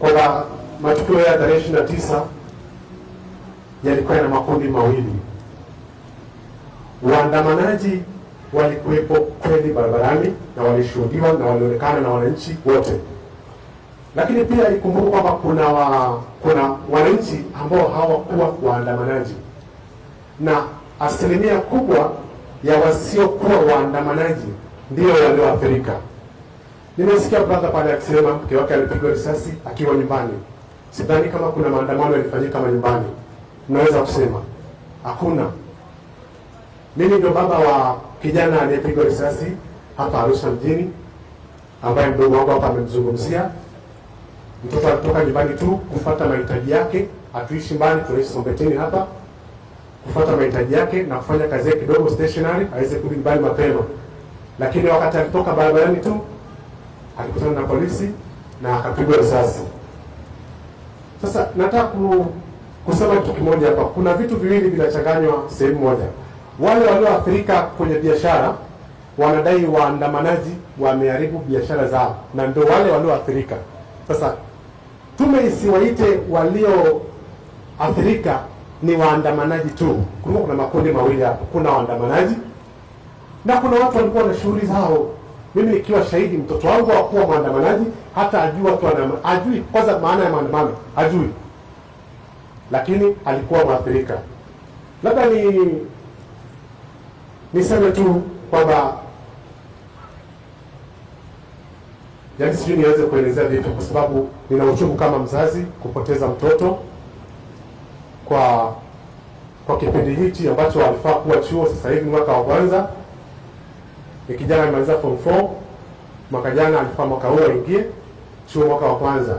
kwamba matukio ya tarehe ishirini na tisa yalikuwa na makundi mawili. Waandamanaji walikuwepo kweli barabarani na walishuhudiwa na walionekana na wananchi wote, lakini pia ikumbuka kwamba kuna wa, kuna wananchi ambao hawakuwa waandamanaji na asilimia kubwa ya wasiokuwa waandamanaji ndio walioathirika. Nimesikia brother pale akisema mke wake alipigwa risasi akiwa nyumbani. Sidhani kama kuna maandamano yalifanyika nyumbani, naweza kusema hakuna. Mimi ndio baba wa kijana aliyepigwa risasi hapa Arusha mjini, ambaye mdogo wangu hapa amemzungumzia. Mtoto alitoka nyumbani tu kufuata mahitaji yake, atuishi mbali, tunaishi Sombetini hapa, kufuata mahitaji yake na kufanya kazi yake kidogo stationary, aweze kurudi nyumbani mapema, lakini wakati alitoka barabarani tu alikutana na polisi na akapigwa risasi. Sasa nataka kusema kitu kimoja hapa, kuna vitu viwili vinachanganywa sehemu moja. Wale walioathirika kwenye biashara wanadai waandamanaji wameharibu biashara zao, na ndio wale walioathirika. Sasa tume isiwaite walioathirika ni waandamanaji tu. kuna makundi mawili hapo, kuna waandamanaji na kuna watu walikuwa na shughuli zao mimi nikiwa shahidi, mtoto wangu hakuwa mwandamanaji, hata ajui watu ajui kwanza maana ya maandamano, ajui, lakini alikuwa mwathirika. Labda ni niseme tu kwamba yani sijui niweze kuelezea vitu kwa sababu nina uchungu kama mzazi kupoteza mtoto kwa kwa kipindi hichi ambacho alifaa kuwa chuo, sasa hivi mwaka wa kwanza ni kijana alimaliza form 4 mwaka jana, alifaa mwaka huu aingie chuo mwaka wa kwanza.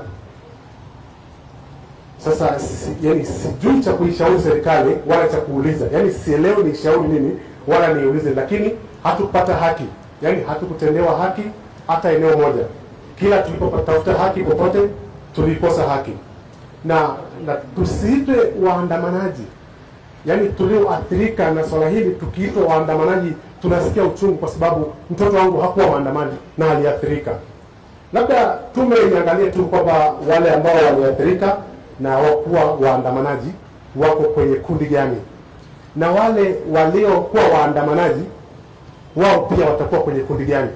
Sasa si, yani sijui cha kuishauri serikali wala cha kuuliza, yani sielewi ni shauri nini wala niulize, lakini hatupata haki, yani hatukutendewa haki hata eneo moja. Kila tulipotafuta haki popote tulikosa haki, na, na tusiitwe waandamanaji yani tulioathirika na swala hili tukiitwa waandamanaji tunasikia uchungu, kwa sababu mtoto wangu hakuwa waandamani na aliathirika. Labda tume iangalie tu kwamba wale ambao waliathirika na wakuwa waandamanaji wako kwenye kundi gani, na wale waliokuwa waandamanaji wao pia watakuwa kwenye kundi gani.